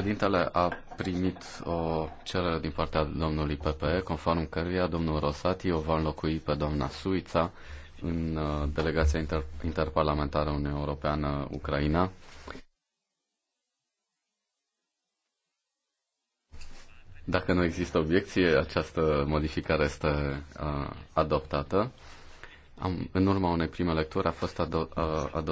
Președintele a primit o cerere din partea domnului PPE, conform căruia domnul Rosati o va înlocui pe doamna Suița în uh, delegația inter- interparlamentară Uniunea Europeană-Ucraina. Dacă nu există obiecție, această modificare este uh, adoptată. Am, în urma unei prime lecturi a fost ado- uh, adoptată.